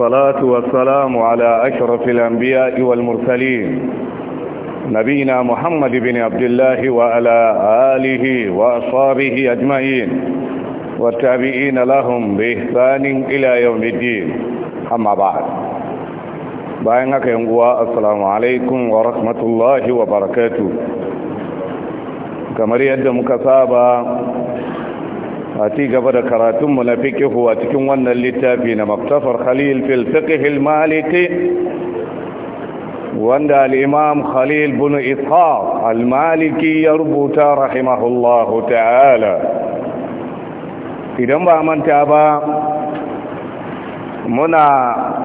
والصلاة والسلام على أشرف الأنبياء والمرسلين نبينا محمد بن عبد الله وعلى آله وأصحابه أجمعين والتابعين لهم بإحسان إلى يوم الدين أما بعد bayan haka السلام عليكم ورحمة الله وبركاته كما wa barakatuh a ci gaba da karatunmu na fikihu a cikin wannan littafi na maktafar khalil fil fiqhil maliki wanda al-imam khalil bin ishaq al-maliki ya rubuta rahimahullah ta'ala idan ba manta ba muna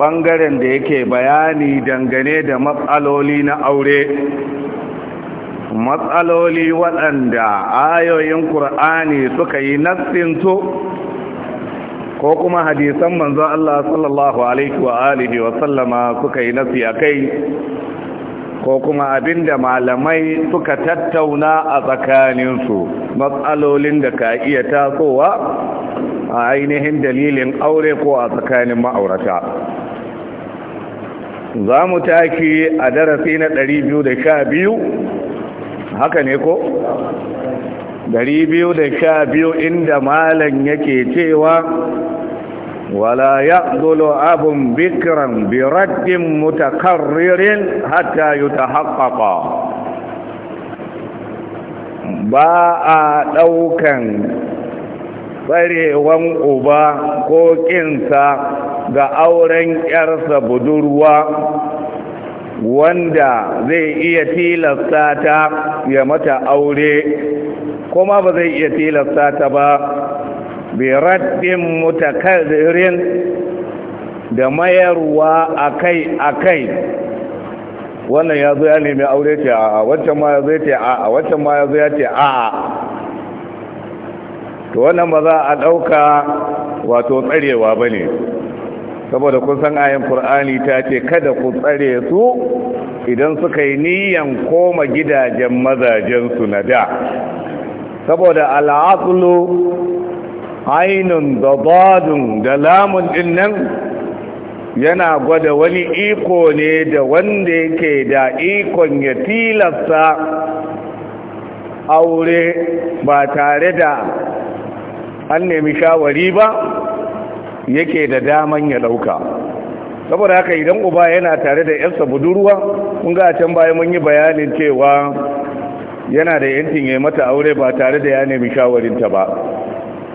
bangaren da yake bayani dangane da matsaloli na aure matsaloli waɗanda ayoyin ƙur'ani suka yi nassinto ko kuma hadisan manzo Allah sallallahu alaihi wa alihi wa sallama suka yi nasi akai ko kuma abinda malamai suka tattauna a tsakaninsu matsalolin da ka iya tasowa a ainihin dalilin aure ko a tsakanin ma'aurata za mu taki a darasi na biyu haka ne ko Dari biyu da sha biyu inda Malam yake cewa wala ya zolo abin bikiran biraddin mutakarririn hatta yi ta haƙaƙa ba a ɗaukan tsarewan uba ko ƙinsa ga auren ƙyarsa budurwa wanda zai iya tilasta ta ya mata aure kuma ba zai iya tilasta ta ba raddin mutakarrin da mayarwa akai-akai wannan ya zo ya nemi aure ce a wancan ma ya zo ya ce a wancan ma ya zo ya ce a to wannan ba za a ɗauka wato tsarewa ba ne saboda kun san ayan qur'ani ta ce kada ku tsare su idan suka yi niyan koma gidajen mazajen su na da saboda al'aqlu ainun dadadun da lamun ɗinnan, yana gwada wani iko ne da wanda yake da ikon ya tilasta aure ba tare da an nemi shawari ba yake da daman ya dauka saboda haka idan uba yana tare da yarsa budurwa kun ga can baya mun yi bayanin cewa yana da yantin ya mata aure ba tare da ya nemi shawarinta ba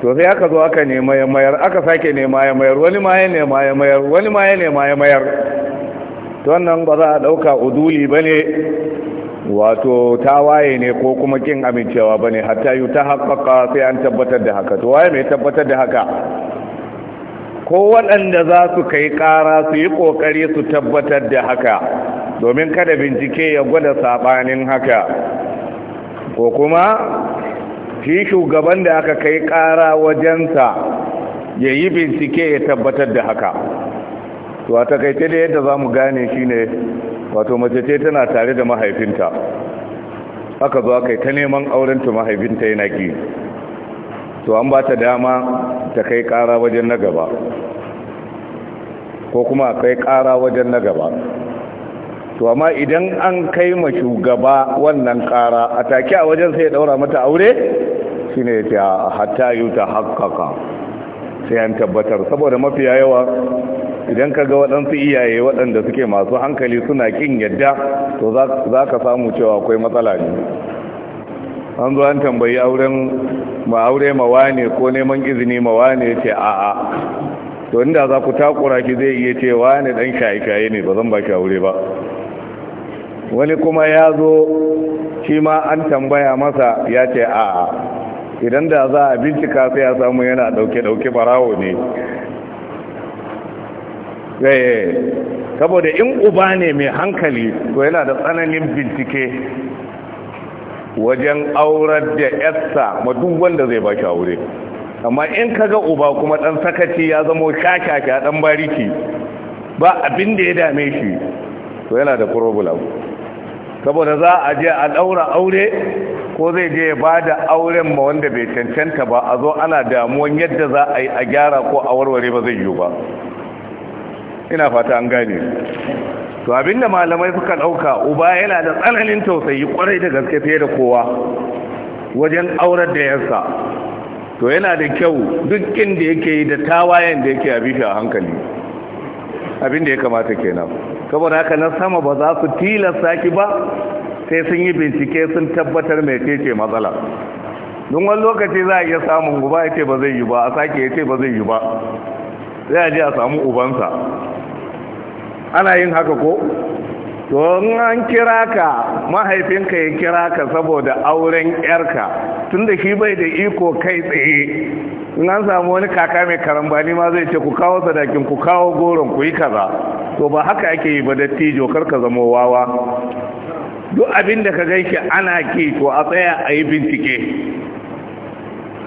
to sai aka zo aka nema ya mayar aka sake nema ya mayar wani ma ya nema ya mayar wani ma ya nema ya mayar to wannan ba za a dauka uduli bane wato ta waye ne ko kuma kin amincewa bane hatta yu ta haƙaƙa sai an tabbatar da haka to waye mai tabbatar da haka ko waɗanda za su kai ƙara su yi ƙoƙari su tabbatar da haka domin kada bincike ya gwada saɓanin haka ko kuma shi shugaban da aka kai ƙara wajensa ya yi bincike ya tabbatar da haka to a takaice da yadda za mu gane shi ne wato mace ce tana tare da mahaifinta aka zo aka yi ta neman aurenta mahaifinta yana gini to an ba ta dama ta kai ƙara wajen na gaba ko kuma kai kara wajen na gaba to amma idan an kai ma shugaba wannan kara a take a wajen sai ya daura mata aure shine ya ce hatta yi ta haƙƙaƙa sai an tabbatar saboda mafiya yawa idan ka ga waɗansu iyaye waɗanda suke masu hankali suna ƙin yadda to za ka samu cewa akwai matsala ne an zo an tambayi auren ma aure ma wane ko neman izini ma wane ce a'a to inda za ku takura ki zai iya ce wane dan shaye-shaye ne ba zan ba shi aure ba wani kuma ya zo shi ma an tambaya masa ya ce a'a idan da za a bincika sai ya samu yana dauke-dauke barawo ne eh, eh. saboda in uba ne mai hankali to yana da tsananin bincike wajen aurar da yarsa ma duk wanda zai ba shi aure amma in kaga uba kuma dan sakaci ya zama kakaka dan bariki ba abin da ya dame shi to yana da problem saboda za a je a daura aure ko zai je ya bada auren ma wanda bai cancanta ba a zo ana damuwan yadda za a yi a gyara ko a warware ba zai yiwu ba ina fata an gane to abinda malamai suka dauka uba yana da tsananin tausayi kwarai da gaske fiye da kowa wajen aurar da yarsa to yana da kyau duk inda yake yi da tawayen da yake abishi a hankali abinda ya kamata kenan saboda haka na sama ba za su tilasta ki ba sai sun yi bincike sun tabbatar mai ce matsala don wani lokaci za a iya samun guba ya ce ba zai yi ba a sake ya ce ba zai yi ba zai je a samu ubansa ana yin haka ko to an kira ka mahaifinka ya kira ka saboda auren yarka tunda shi bai da iko kai tsaye in an samu wani kaka mai karambani ma zai ce ku kawo sadakin ku kawo goron ku yi kaza to ba haka ake yi ba dattijo kar ka zama wawa duk abin da ka gaishe ana ki to a tsaya a yi bincike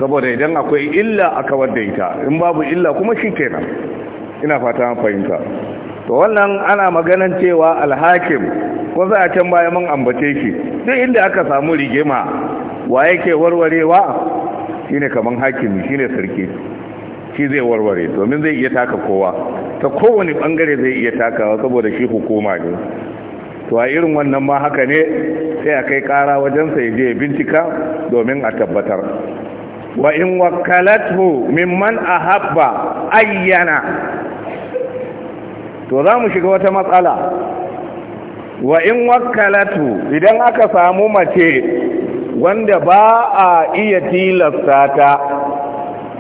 saboda idan akwai illa a kawar da ita in babu illa kuma shi kenan ina fata fahimta to wannan ana maganan cewa alhakim ko za a can baya man ambace shi duk inda aka samu rigima wa yake warwarewa shine kaman hakimi shine sarki shi zai warware domin zai iya taka kowa ta kowane bangare zai iya takawa saboda shi hukuma ne to a irin wannan ma haka ne sai a kai kara wajensa ya je bincika domin a tabbatar wa in wakkalathu mimman ahabba ayyana to za mu shiga wata matsala wa in wakalatu idan aka samu mace wanda ba a iya tilasta ta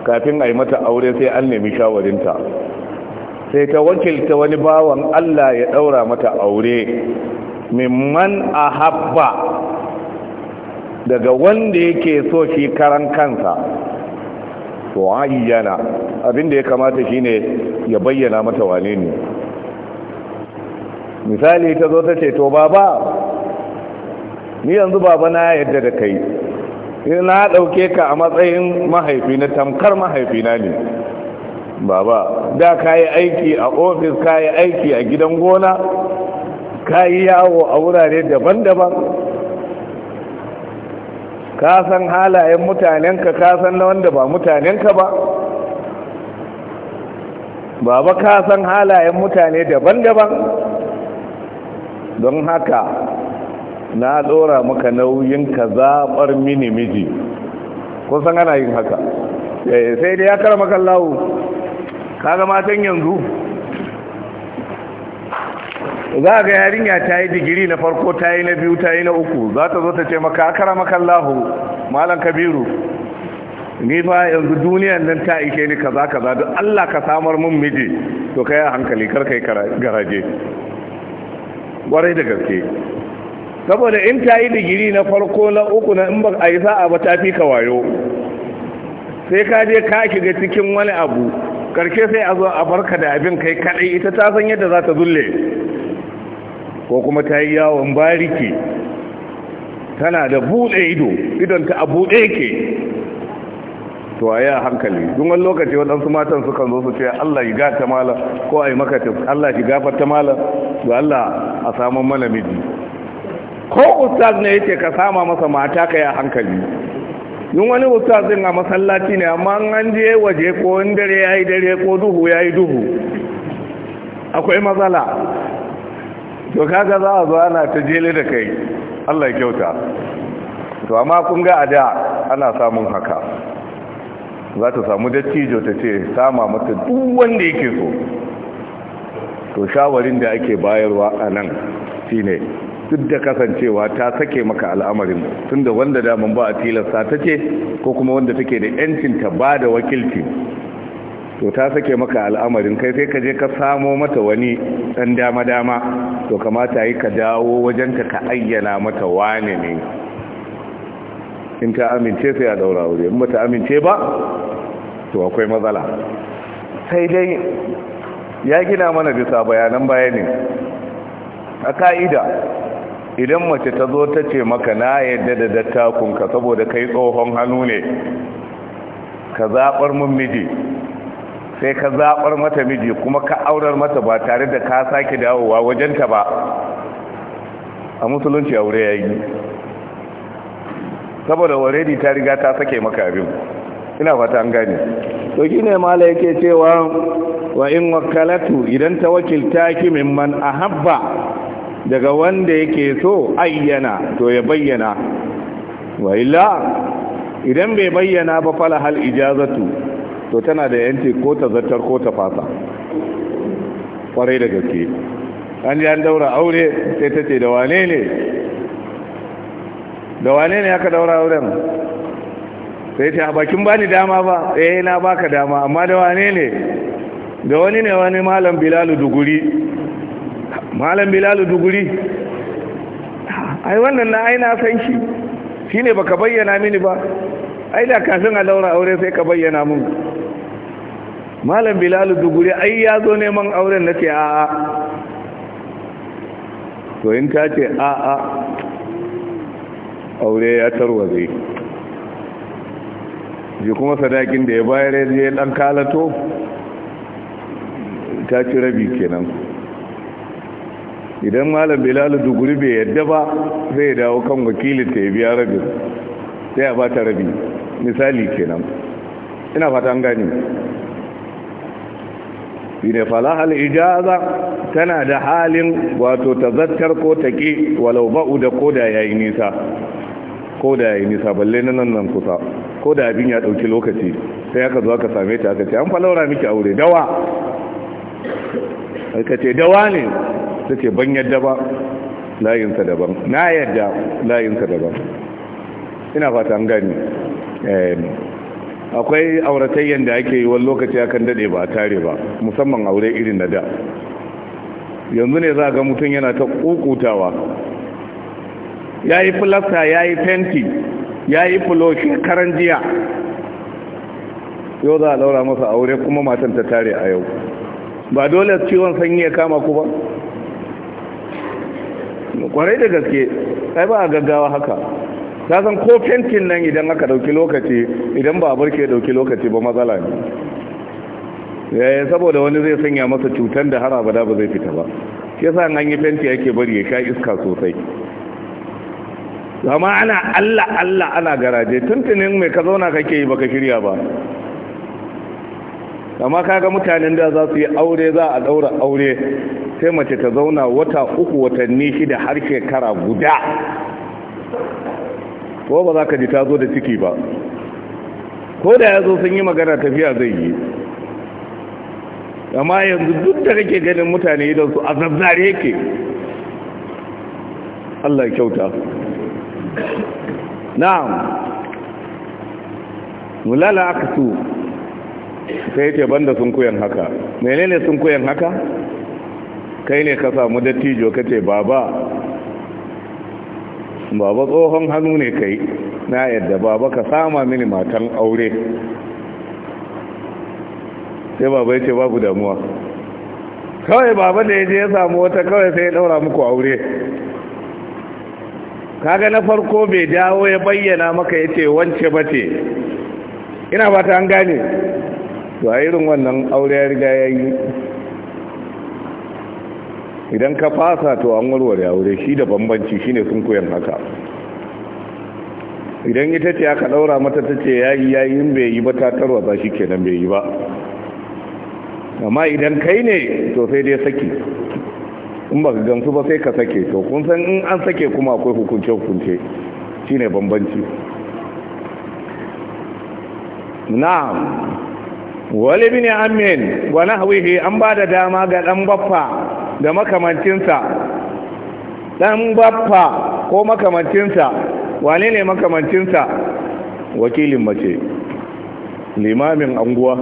kafin a yi mata aure sai an nemi shawarinta sai ta wakilta wani bawan Allah ya daura mata aure mimman ahabba daga wanda yake so shi karan kansa to ayyana abinda ya kamata shine ya bayyana mata wane ne misali ta zo ta ce to baba ni yanzu baba na yadda da kai na ɗauke ka a matsayin mahaifi na tamkar mahaifi na ne baba da ka yi aiki a ofis ka yi aiki a gidan gona ka yi yawo a wurare daban-daban ka san halayen mutanenka ka san na wanda ba mutanenka ba baba ka san halayen mutane daban-daban don haka na dora maka nauyin ka zaɓar mini miji kusan ana yin haka eh, sai dai ya karama kallawo kaga matan yanzu za ga yarinya ta yi digiri na farko ta yi na biyu ta yi na uku za ta zo ta ce maka akara makallahu malam kabiru ni fa yanzu duniyan nan ta ike ni kaza kaza duk Allah ka samar mun miji to kai a hankali kar kai garaje gwarai da gaske saboda in ta yi digiri na farko na uku na in ba a yi sa'a ba ta fi ka wayo sai ka je ka shiga cikin wani abu karshe sai a zo a barka da abin kai kadai ita ta san yadda za ta zulle ko kuma ta yi yawon bariki tana da buɗe ido idan ta a buɗe ke to a yi hankali don wani lokaci waɗansu matan sukan zo su ce Allah yi gata mala ko a yi makatif Allah yi gafar ta mala to Allah a samun mana miji ko ustaz ne yake ka sama masa mata ka yi hankali don wani ustaz din a masallaci ne amma an je waje ko wani dare ya yi dare ko duhu ya yi duhu akwai matsala to kaga za a zo ana ta jele da kai Allah kyauta to amma kun ga a da ana samun haka za ta samu dattijo ta ce sama mata duk wanda yake so to shawarin da ake bayarwa a nan shine duk da kasancewa ta sake maka al'amarin tunda wanda daman ba a tilasta ta ce ko kuma wanda take da yancin ta ba da wakilci to ta sake maka al'amarin kai sai ka je ka samo mata wani dan dama-dama to kamata yi ka dawo wajenta ka ayyana mata wane ne in ta amince sai a daura wuri in mata amince ba to akwai matsala sai dai ya gina mana bisa bayanan bayanin a ka'ida idan mace ta zo ta ce maka na yadda da dattakunka saboda kai tsohon hannu ne ka zaɓar mun sai ka zaɓar mata miji kuma ka aurar mata ba tare da ka sake dawowa wajenta ba a musulunci aure ya yi saboda already ta riga ta sake maka abin ina fata an gane to ne mala yake cewa wa in wakalatu idan ta wakilta ki mimman ahabba daga wanda yake so ayyana to ya bayyana wa illa idan bai bayyana ba fala hal ijazatu to tana da yanci ko ta zartar ko ta fasa kwarai da gaske an ji an daura aure sai ta ce da wane ne da wane ne aka daura auren sai ta bakin bani dama ba eh na baka dama amma da wane ne da wani ne wani malam bilalu duguri malam bilalu duguri ai wannan na aina san shi shine baka bayyana mini ba ai da kafin a daura aure sai ka bayyana mun malam bilalu duguri ai ya zo neman auren na ce a'a to in ka ce a'a aure ya tarwaze ji kuma sadakin da ya bayar ya dan kalato ta ci rabi kenan idan malam bilalu duguri bai yadda ba zai dawo kan wakilin ta ya biya rabin sai ba ta rabi misali kenan ina fata an gani ne falahal ijaza tana da halin wato tazattar ko take walau ba'u da koda yayi nisa koda yayi nisa balle nan nan kusa koda abin ya ɗauki lokaci sai aka zo aka same ta aka ce an falaura miki aure dawa aka ce dawa ne take ban yadda ba layinsa daban na yadda layinsa daban ina fata an gani akwai auratayyan da ake yi wani lokaci akan dade ba tare ba musamman aure irin na da yanzu ne za ga mutum yana ta kukutawa ya yi filasta ya yi fenti ya yi fulo shekaran jiya yau za a daura masa aure kuma matan ta tare a yau ba dole ciwon sanyi ya kama ku ba kwarai da gaske ai ba a gaggawa haka Ka san ko fentin nan idan aka dauki lokaci idan ba ke dauki lokaci ba matsala ne yayin eh, saboda wani zai sanya masa cutar da har abada ba zai fita ba sa an yi fenti yake bari ya sha iska sosai zama ana Allah Allah ana garaje tuntunin mai ka zauna kake yi baka shirya ba amma kaga mutanen da za su yi aure za a daura aure sai mace ta zauna wata uku watanni shida har shekara guda ko ba za ka ji ta zo da ciki ba ko da ya zo sun yi magana tafiya zai yi amma yanzu duk da kake ganin mutane idan su a zazzare yake Allah kyauta na'am mulala aka su sai ce banda sun kuyan haka menene sun kuyan haka kai ne ka samu dattijo ka ce baba baba tsohon hannu ne kai na yadda baba ka sama mini matan aure sai baba ya ce babu damuwa kawai baba da ya je ya samu wata kawai sai ya daura muku aure kaga na farko bai dawo ya bayyana maka ya ce wance bace ina ba ta an gane to a irin wannan aure ya riga ya yi idan ka fasa to an warware aure shi da bambanci ne sun koyan haka idan ita ce aka daura mata ta ce yayi yayin, in bai yi ba ta za shi kenan bai yi ba amma idan kai ne to sai dai saki in ba ka gamsu ba sai ka sake to kun san in an sake kuma akwai hukunce hukunce shi ne bambanci na'am wali ne. amin wa nahwihi an ba da dama ga dan baffa da makamancinsa ɗan baffa ko makamancinsa wane ne makamancinsa wakilin mace limamin anguwa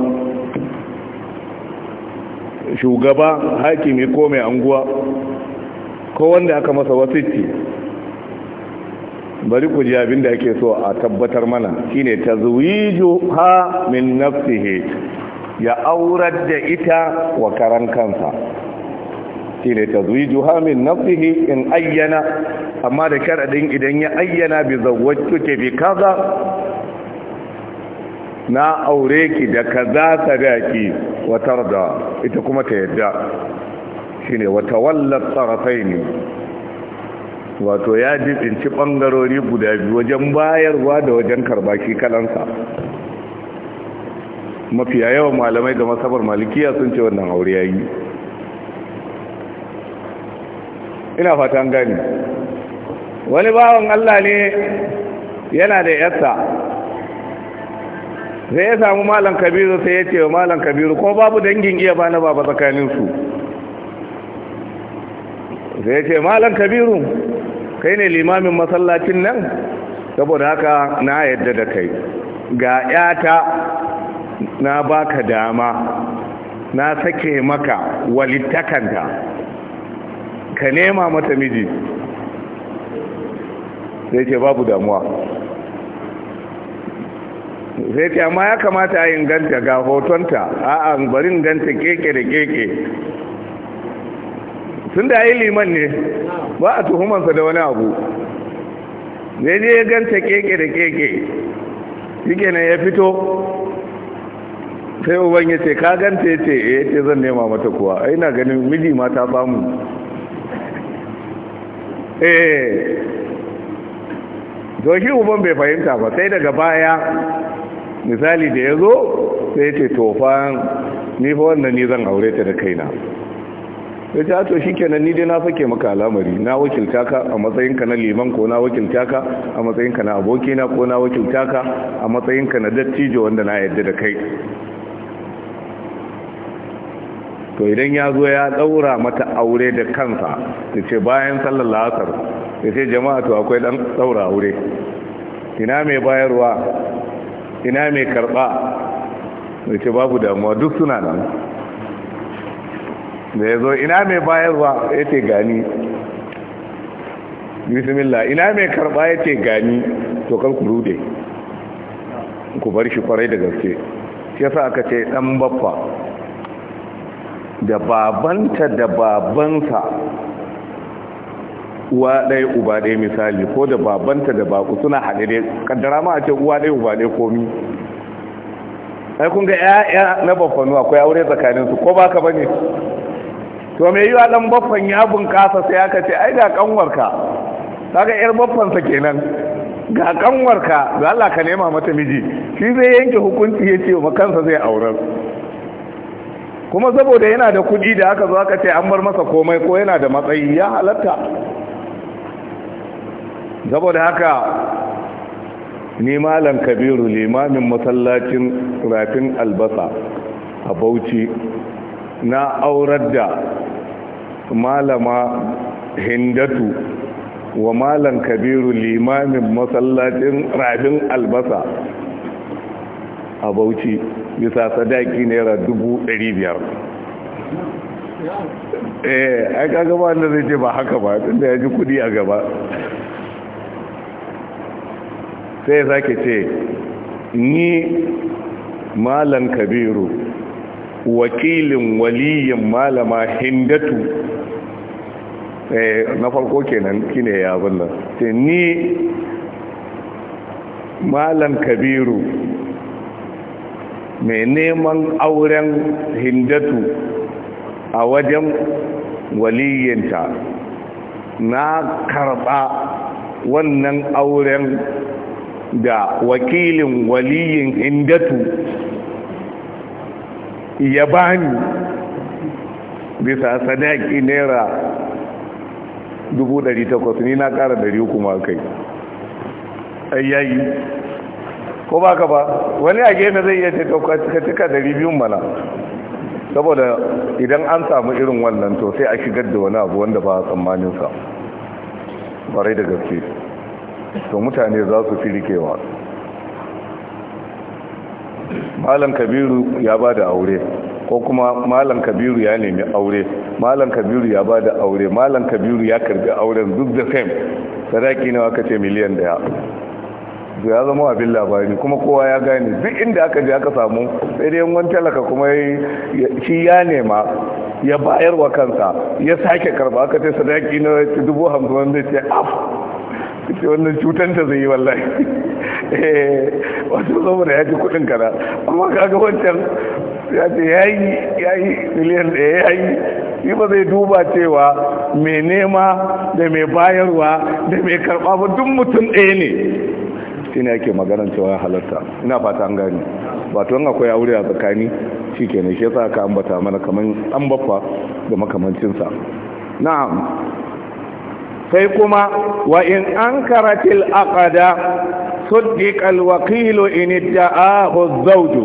shugaba hakimi ko mai anguwa ko wanda aka masa wasicci bari ku ji abin da ake so a tabbatar mana shine tazwiju ha min nafsihi ya aurar da ita wa karan kansa shine tazwijuha min nafsihi in ayyana amma da sharadin idan ya ayyana bi zawwajtuki fi kaza na aure ki da kaza sadaki wa tarda ita kuma ta yadda shine wa tawalla ne. wato ya jibinci bangarori guda biyu wajen bayarwa da wajen karba shi kalansa mafiya yawan malamai da masabar malikiya sun ce wannan aure yayi ina fatan gani wani bawan Allah ne yana da yarsa zai ya samu malam kabiru sai ya ce wa malam kabiru ko babu dangin iya ba na baba tsakaninsu sai ya ce malam kabiru kai ne limamin masallacin nan saboda haka na yadda da kai ga yata na baka dama na sake maka walittakanta ka nema mata miji sai ce babu damuwa sai ce amma ya kamata a yi ganta ga hotonta a an barin ganta keke da keke sun da yi liman ne ba a tuhumansa da wani abu zai je ya ganta keke da keke shike ya fito sai uban ya ce ka ganta ya ce eh, ya ce zan nema mata kuwa ai na ganin miji mata bamu eh doshi uban bai fahimta ba sai daga baya misali da ya zo sai ce tofan ni wannan ni zan aure ta da kaina ya ce ah, to shi kenan ni dai na fake maka al'amari na wakilta ka a matsayinka na liman ko na wakilta ka a matsayinka na abokina ko na wakilta ka a matsayinka na dattijo wanda na yadda da kai to idan ya zo ya daura mata aure da kansa ya ce bayan sallar la'asar ya ce jama'a to akwai dan daura aure ina mai bayarwa ina mai karba ya ce babu damuwa duk suna nan da ya zo ina mai bayarwa ya ce gani bismillah ina mai karba ya ce gani to kan ku rude ku bar shi kwarai da gaske shi yasa aka ce dan baffa da babanta da babansa uwa ɗaya uba ɗaya misali ko da babanta da baku suna haɗe dai ƙaddara ma a ce uwa ɗaya uba ɗaya komi ai kun ga 'ya'ya na baffanu akwai aure tsakanin su ko baka bane to me yiwa ɗan baffan ya bunƙasa, sai aka ce ai ga ta ga ƴar baffansa kenan ga ƙanwarka da Allah ka nema mata miji shi zai yanke hukunci ya ce wa kansa zai auren kuma saboda yana da kudi da aka zo aka ce an bar masa komai ko yana da matsayi ya halatta saboda haka ni malam kabiru limamin masallacin rafin albasa a bauchi na aurar da malama hindatu wa malam kabiru limamin masallacin rafin albasa a bauchi bisa sadaki naira dubu ɗari biyar eh aka kaga ba zai ce ba haka ba tunda ya ji kudi a gaba sai ya ce ni malam kabiru wakilin waliyin malama hindatu eh, na farko kenan kine ya bunna ni malam kabiru mai neman auren hindatu a wajen waliyinta na karɓa wannan auren da wakilin waliyin hindatu ya bani bisa sadaki naira 800 ni na ƙara 300 ma kai ayyayi ko ba ka ba wani a gefe zai iya ceto cika dari biyun mana saboda idan an samu irin wannan to sai a shigar da wani abu wanda ba a tsammaninsa barai da gaske to mutane za su fi rikewa malam kabiru ya ba da aure ko kuma malam kabiru ya nemi aure malam kabiru ya ba da aure malam kabiru ya karbi auren duk da fem sadaki nawa aka ce miliyan daya da ya zama abin labari kuma kowa ya gane duk inda aka je aka samu sai dai wani talaka kuma shi ya nema ya bayar wa kansa ya sake karba aka ce sadaki na dubu hamsin wanda ce af ce wannan cutanta zai yi wallahi eh, wasu saboda ya ci kudin kana amma kaga wancan ya ce ya yi ya yi miliyan ɗaya ya yi yi ba zai duba cewa mai nema da mai bayarwa da mai karɓa ba duk mutum ɗaya ne shi ne ake maganar cewa halarta ina fata an gani wato an akwai aure a tsakani shi ke ne shi ya sa an ambata mana kamar an bafa da makamancinsa na'am sai kuma wa in an karatil aqada suddiqa alwakilu in idda'ahu az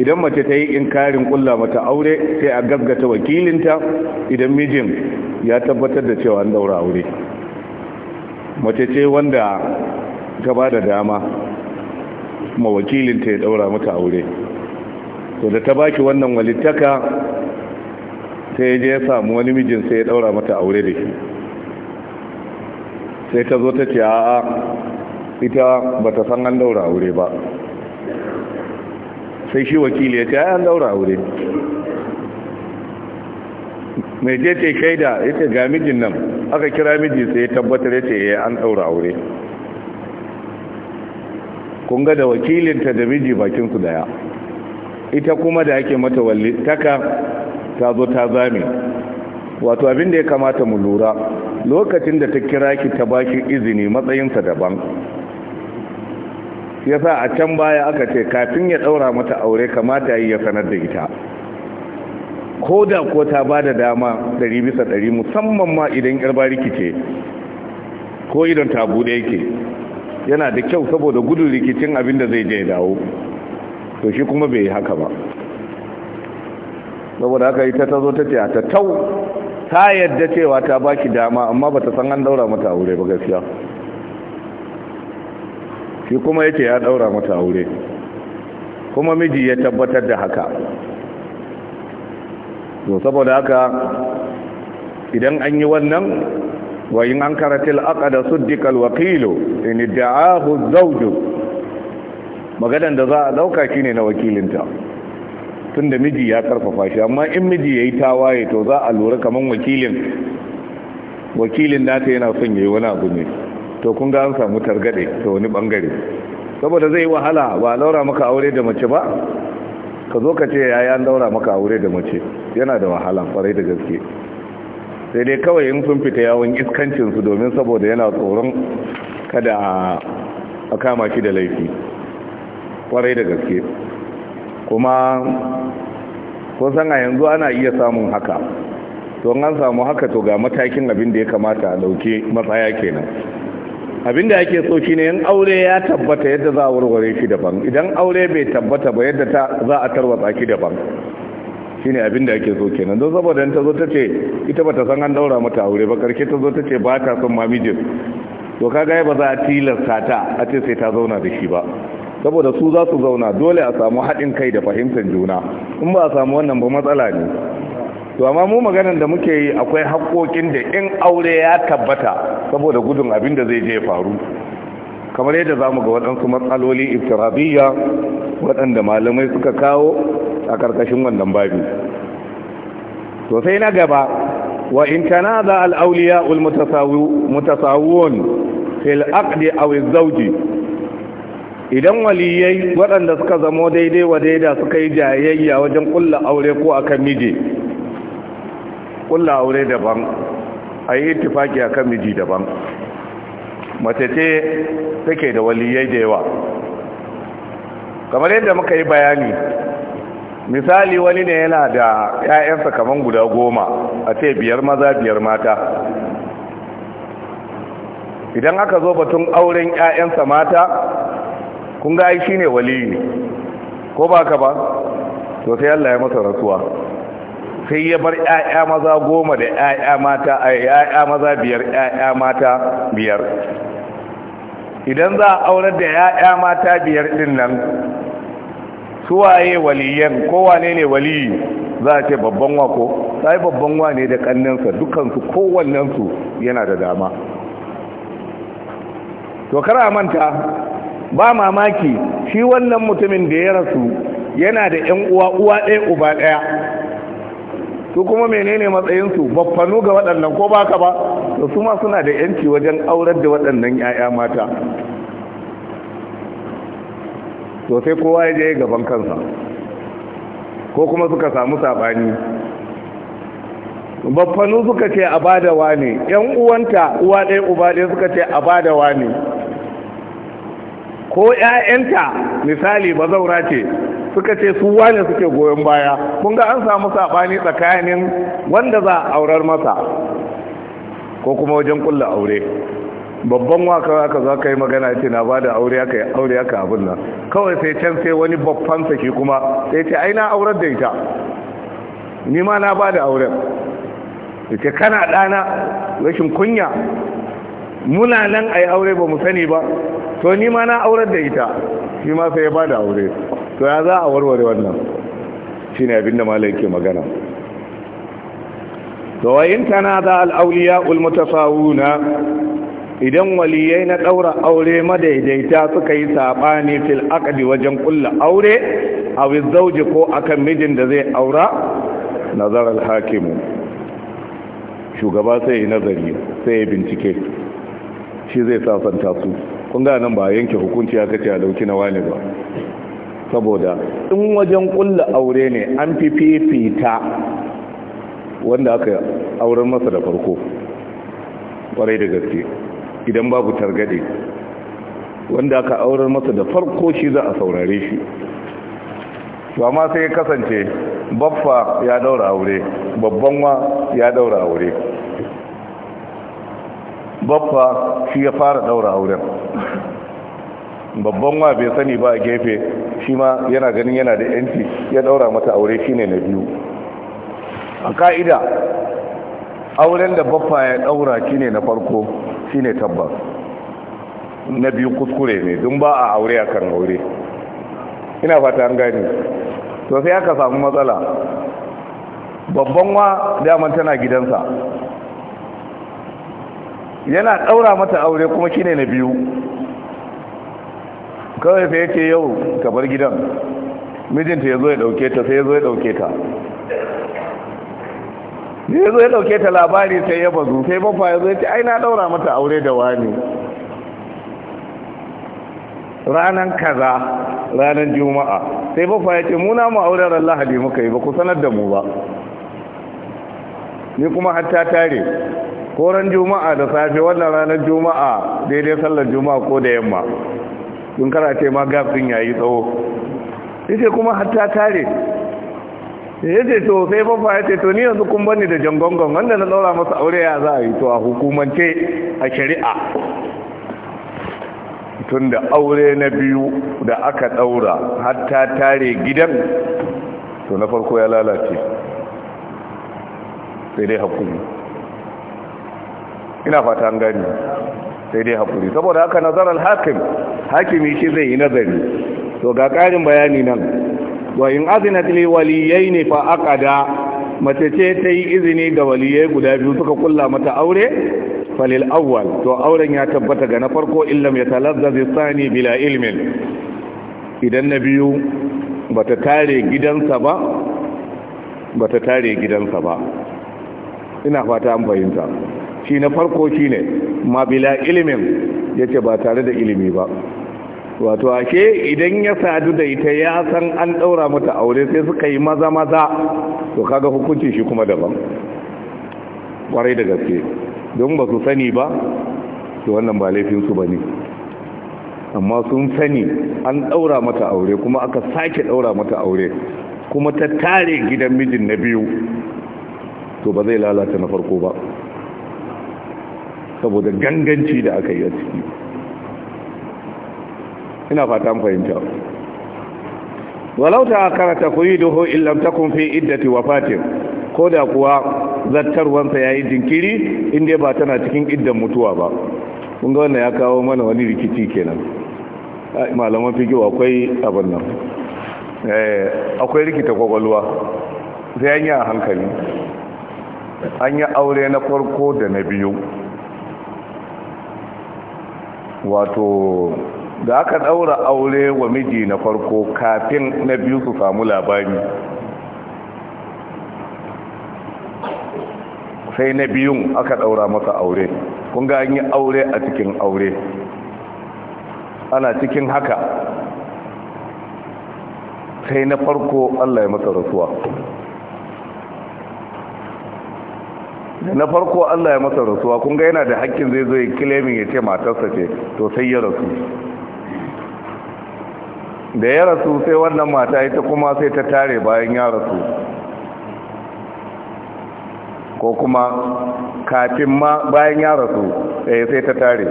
idan mace ta yi inkarin kulla mata aure sai a gaggata wakilinta idan mijin ya tabbatar da cewa an daura aure mace ce wanda ta ba da dama kuma wakilinta ya daura mata aure to da ta baki wannan walittaka sai je ya samu wani mijin sai ya daura mata aure da shi sai ta zo ta ce a'a ita ba ta san an daura aure ba sai shi wakili ya ce ai an daura aure mai je ce shaida ya ce ga mijin nan aka kira miji sai ya tabbatar ya ce ya eh, an daura aure kun ga da ta da miji bakinsu daya ita kuma da ake mata taka ta zo ta zame wato abin da ya kamata mu lura lokacin da ta kira ki ta baki izini matsayinsa daban ya sa a can baya aka ce kafin ya ɗaura mata aure kamata yi ya sanar da ita ko da ko ta ba da dama ɗari bisa ɗari musamman ma idan 'yar bariki ce. ko idan ta buɗe yake yana da kyau saboda gudun rikicin abin da zai je dawo to shi kuma bai haka ba saboda haka ita ta zo ta ce a ta tau ta yadda cewa ta baki dama amma ba ta san an daura mata aure ba gaskiya shi kuma yake ya daura mata aure kuma miji ya tabbatar da haka to saboda haka idan an yi wannan wa in ankaratil aqda suddikal wakilu in da'ahu zawju maganan da za a shi ne na wakilinta tunda miji ya karfafa shi amma in miji yayi tawaye to za a lura kaman wakilin wakilin nata yana son yayi wani abu ne to kun ga an samu targade to wani bangare saboda zai wahala ba laura maka aure da mace ba ka zo ka ce yayi an laura maka aure da mace yana da wahala farai da gaske sai dai kawai in sun fita yawon iskancinsu domin saboda yana tsoron kada a kama shi da laifi kwarai da gaske kuma kusan a yanzu ana iya samun haka to an samu haka to ga matakin abin da ya kamata a dauke matsaya kenan abin da ake so shine yan aure ya tabbata yadda za a warware shi daban idan aure bai tabbata ba yadda za a tarwatsa shi daban shine abin da ake so kenan don saboda ta zo ta ce ita ba ta san an daura mata aure ba karshe ta zo ta ce ba ta son mamijin to kaga ba za a tilasta ta a ce sai ta zauna da shi ba saboda su za su zauna dole a samu haɗin kai da fahimtar juna in ba a samu wannan ba matsala ne to amma mu maganar da muke yi akwai haƙoƙin da in aure ya tabbata saboda gudun abin da zai je faru kamar yadda za mu ga waɗansu matsaloli iftirabiyya waɗanda malamai suka kawo a karkashin wannan babi to sai na gaba wa in tanaza al awliya al mutasawun fil aqdi aw al idan waliyai waɗanda suka zamo daidai wa daida suka yi jayayya wajen kulla aure ko akan miji kulla aure daban a yi akan miji daban mace ce take da waliyai da yawa kamar yadda muka yi bayani misali wani ne yana da 'ya'yansa kaman guda goma a ce biyar maza biyar mata idan aka zo batun auren 'ya'yansa mata kun ga shi ne waliyi ko ba ka ba to sai Allah ya masa rasuwa sai ya bar 'ya'ya maza goma da 'ya'ya mata a 'ya'ya maza biyar 'ya'ya mata biyar idan za a aurar da 'ya'ya mata biyar din nan suwaye waliyan kowane ne wali za a ce babban wako sai babban wane da kannansa dukansu kowannensu yana da dama to kara manta ba mamaki shi wannan mutumin da ya rasu yana da yan uwa uwa ɗaya uba ɗaya su kuma menene matsayinsu baffanu ga waɗannan ko baka ba to su ma suna da yanci wajen aurar da waɗannan 'ya'ya mata to sai kowa ya je gaban kansa ko kuma suka samu saɓani baffanu suka ce a badawa ne yan uwanta uwa ɗaya uba ɗaya suka ce a badawa ne ko ‘ya'yanta misali bazaura ce suka ce su wane suke goyon baya kun ga an samu saɓani tsakanin wanda za a aurar masa ko kuma wajen kulla aure babban waka aka za ka yi magana ce na ba da aure aka yi aure aka abin nan kawai sai can sai wani babban saki kuma sai ce ai na aurar da ita ni ma na ba da auren ce kana ɗana rashin kunya muna nan a yi aure ba mu sani ba to ni ma na aurar da ita shi ma sai ya ba da aure to ya za a warware wannan shi ne abinda malai ke magana to wayin tana za al'auliya ulmutasawuna idan waliyai na ɗaura aure madaidaita suka yi saɓani fil akadi wajen kulla aure a wizzauji ko akan mijin da zai aura nazarar Hakimu. shugaba sai yi nazari sai ya bincike shi zai sasanta su kun nan ba yanke hukunci aka ce a dauki na wani ba saboda in wajen ƙulla aure ne an fi fifita wanda aka auren masa da farko kwarai da gaske idan babu targade wanda aka aurar masa da farko shi za a saurare shi to amma sai ya kasance baffa ya daura aure babban wa ya daura aure baffa shi ya fara daura auren babban wa bai sani ba a gefe shi ma yana ganin yana da yanci ya daura mata aure shi ne na biyu a ka'ida auren da baffa ya daura ne na farko shine tabbas na biyu kuskure ne don ba a aure a kan aure ina fata an gani to sai aka samu matsala babban wa dama tana gidansa yana ɗaura mata aure kuma shine na biyu kawai sai yake yau ka gidan mijinta ya zo ya ɗauke ta sai ya zo ya ɗauke ta ya zo ya dauke ta labari sai ya bazu sai bafa ya zo ya ce ai na daura mata aure da wani ranan kaza ranan juma'a sai bafa ya ce muna mu auren ran lahadi muka yi ba ku sanar da mu ba ni kuma hatta tare ko ran juma'a da safe wannan ranar juma'a daidai sallar juma'a ko da yamma in kara ce ma gafin yayi tsawo ita kuma hatta tare ya ce to sai fafa ya ce to ni yanzu kun bani da jangongon wanda na daura masa aure ya za a yi to a hukumance a shari'a tun da aure na biyu da aka daura hatta tare gidan to na farko ya lalace sai dai hakuri ina fata an gani sai dai hakuri saboda haka nazarar hakim hakimi shi zai yi nazari to ga ƙarin bayani nan wa in azinat li waliyaini fa aqada mace ce ta yi izini ga waliyai guda biyu suka kulla mata aure falil awwal to auren ya tabbata ga na farko illam yatalazzaz thani bila ilmin idan na biyu bata tare gidansa ba bata tare gidansa ba ina fata an fahimta shi na farko shine ma bila ilmin yace ba tare da ilimi ba wato ake idan ya sadu da ita ya san an daura mata aure sai suka yi maza maza to kaga hukunci shi kuma daban kwarai da gaske don ba su sani ba to wannan ba laifin su bane amma sun sani an daura mata aure kuma aka sake daura mata aure kuma ta tare gidan mijin na biyu to ba zai lalata na farko ba saboda ganganci da aka yi a ciki ina fata fahimta walau ta akara tafyiduhu illam takun fi iddati ko koda kuwa zattarwansa yayi jinkiri inda ba tana cikin iddan mutuwa ba kun ga wannan ya kawo mana wani rikici kenan malaman fi giwa akwai abin nan eh, akwai rikita kwakwalwa sai an yi a hankali an yi aure na farko da na biyu wato da aka daura aure wa miji na farko kafin na biyu su samu labari sai na biyun aka daura masa aure kun ga an yi aure a cikin aure ana cikin haka sai na farko Allah ya masa rasuwa na farko Allah ya masa rasuwa kun ga yana da hakkin zai zo ya kilemin ya ce matarsa ce to sai ya rasu da ya rasu sai wannan mata ita kuma sai ta tare bayan ya rasu ko kuma kafin ma bayan ya rasu eh, sai ta tare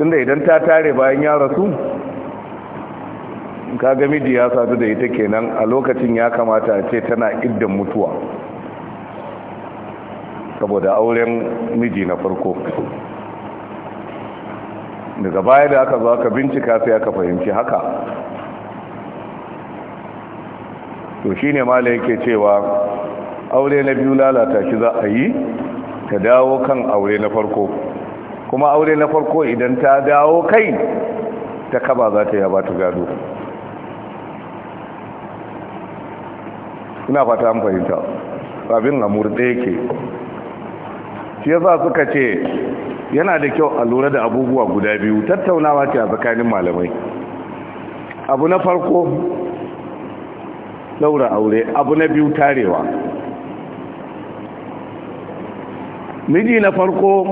tunda idan ta tare bayan ya rasu ka ga miji ya sadu da ita kenan a lokacin ya kamata ce tana iddan mutuwa saboda auren miji na farko daga baya da aka zo aka bincika sai aka fahimci haka to shine mala yake cewa aure na biyu lalata shi za a yi ta dawo kan aure na farko kuma aure na farko idan ta dawo kai ta kaba za ta yaba ta gado ina fata an fahimta abin amurda yake shi yasa suka ce yana da kyau a lura da abubuwa guda biyu tattaunawa ce a tsakanin malamai abu na farko daura aure abu na biyu tarewa miji na farko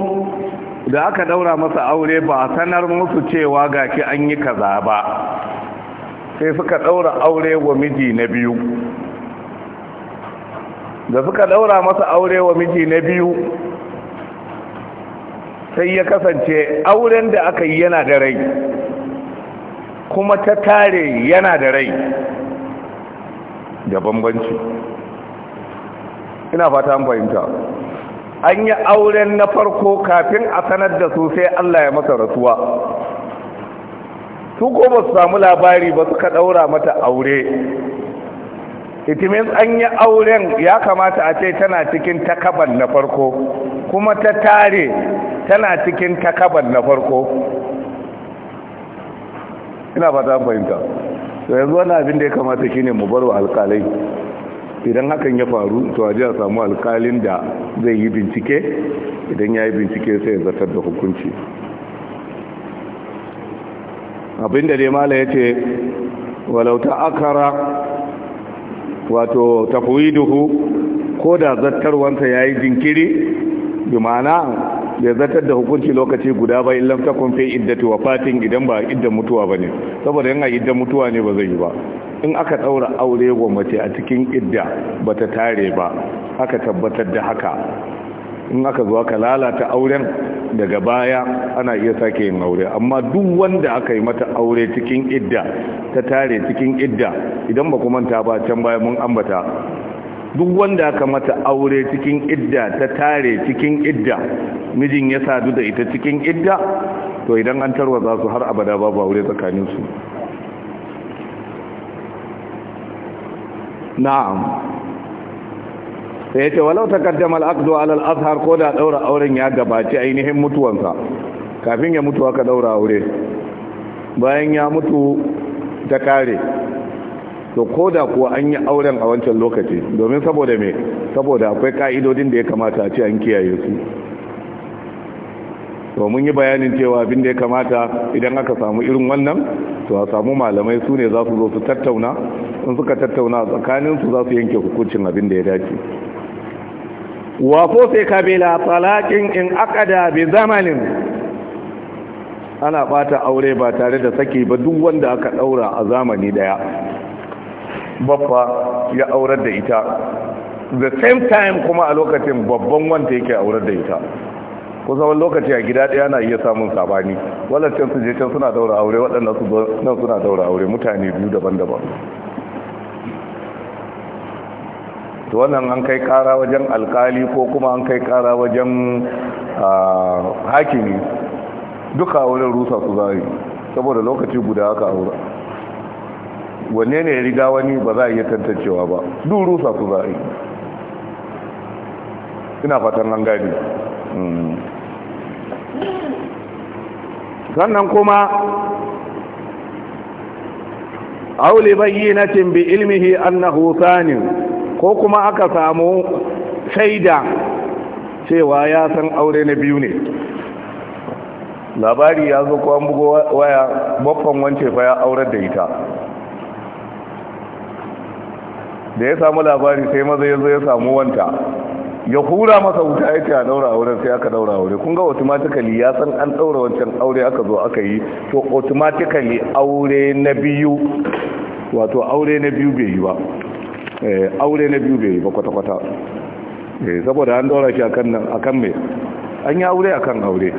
da aka daura masa aure ba sanar musu cewa gashi an yi kaza ba sai suka daura aure wa miji na biyu da suka daura masa aure wa miji na biyu sai ya kasance auren da aka yi yana da rai kuma ta tare yana da rai da bambanci ina fata an fahimta an yi auren na farko kafin a sanar da su sai Allah ya masa rasuwa su ko ba su samu labari ba suka daura mata aure it means an yi auren ya kamata a ce tana cikin takaban na farko kuma ta tare tana cikin takaban na farko ina fata fahimta to yanzu wani abin da ya kamata shi mu bar wa alkalai idan hakan ya faru to a samu alkalin da zai yi bincike idan ya yi bincike sai ya zartar da hukunci abin da dai mala ya ce walauta akara wato duhu ko da zartarwansa ya yi jinkiri bi ma'ana ya zartar da hukunci lokaci guda ba in ta kun fi wa wafatin idan ba iddan mutuwa ba ne saboda yana iddan mutuwa ne ba zai yi ba in aka tsaura aure wa mace a cikin idda ba ta tare ba aka tabbatar da haka in aka zuwa ka lalata auren daga baya ana iya sake yin aure amma duk wanda aka yi mata aure cikin idda ta tare cikin idda idan ba kuma ta ba can baya mun ambata duk wanda aka mata aure cikin idda ta tare cikin idda mijin ya sadu da ita cikin idda to idan an za su har abada babu aure tsakaninsu na'am sai eh, walau takaddama al'aqdu ala al-azhar ko da daura auren ya gabaci ainihin mutuwansa kafin ya mutu aka daura aure bayan ya mutu ta kare to ko da kuwa an yi auren a wancan lokaci domin saboda me saboda akwai ka'idodin da ya kamata a ce an kiyaye su to mun yi bayanin cewa abin da ya kamata idan aka samu irin wannan to a samu malamai su ne za su zo su tattauna in suka tattauna tsakanin su za su yanke hukuncin abin da ya dace wafo sai kabila talaqin in akada bi zamanin ana bata aure ba tare da saki ba duk wanda aka daura a zamani daya Babba ya aurar da ita the same time kuma a lokacin babban wanda yake aurar da ita kusa wani lokaci a gida ɗaya na iya samun sabani wadancan su je can suna daura aure waɗannan su nan suna daura aure mutane biyu daban-daban to wannan an kai kara wajen alkali ko kuma an kai kara wajen hakimi duka wurin rusa su zai saboda lokaci guda aka aure. wanne ne ya riga wani ba za a iya tantancewa ba duk rusa su za a yi ina fatan nan gani hmm. sannan kuma auli bayyinatin bi ilmihi annahu thani ko kuma aka samu shaida cewa ya san aure na biyu ne labari ya zo ko an bugo waya baffan wance fa ya aurar da ita da ya samu labari sai maza ya zo ya samu wanta ya hura masa wuta ya ce a daura auren sai aka daura aure kun ga automatically ya san an daura wancan aure aka zo aka yi to automatically aure na biyu wato aure na biyu bai yi ba eh, aure na biyu bai yi ba kwata-kwata eh, saboda an daura shi akan mai an yi aure akan aure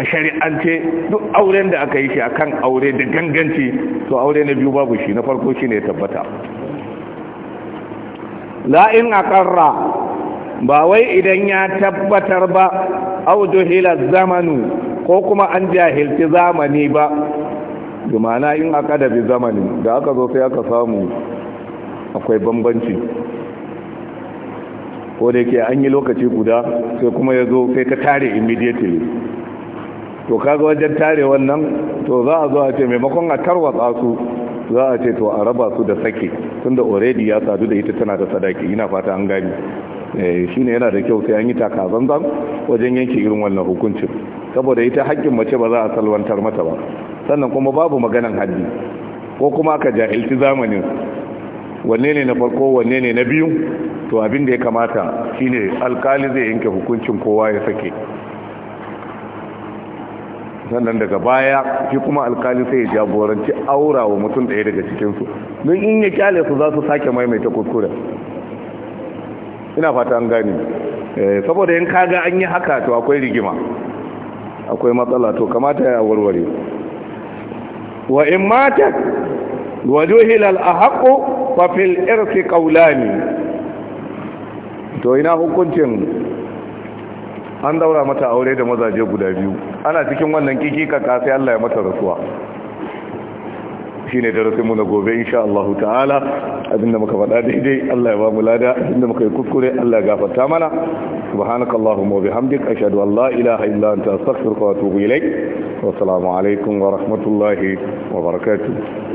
a shari'ance duk auren da aka yi shi akan aure da ganganci to aure na biyu babu shi na farko shi ne tabbata la'in aƙarra ba wai idan ya tabbatar ba auduhilar zamanu ko kuma an jahilci zamani ba dumana in aka da bi zamani da aka zo sai aka samu akwai bambanci ko da yake an yi lokaci guda sai kuma ya zo sai ka tare immediately to kaga wajen tare wannan to za a zo a ce maimakon a tarwatsa su za a ce to a raba su da sake tunda oredi ya sadu da ita tana da sadaki ina fata an gani eh, shi ne yana da kyau sai an yi taka zanzan wajen yanke irin wannan hukuncin saboda ita haƙƙin mace ba za a salwantar mata ba sannan kuma babu maganan haddi ko kuma ka jahilci zamanin wanne ne na farko wanne ne na biyu to abin da ya kamata shine alkali zai yanke hukuncin kowa ya sake sannan daga baya shi kuma alkali sai ya jagoranci aura wa mutum ɗaya daga cikinsu don in ya kyale su za su sake maimaita kuskure ina fata an gani eh, saboda yin kaga an yi haka to akwai rigima akwai matsala to kamata ya warware wa in mata wa a ahaqu fa fil ƙaula ne. to ina hukuncin an daura mata aure da mazaje guda biyu ana cikin wannan ka sai Allah ya mata rasuwa shine darasin mu na gobe insha Allah ta'ala abinda muka faɗa daidai Allah ya ba mu lada abinda muka yi kuskure Allah ya gafarta mana subhanaka allahumma wa bihamdika ashhadu an la ilaha illa anta astaghfiruka wa atubu ilayk wa assalamu alaikum wa rahmatullahi wa barakatuh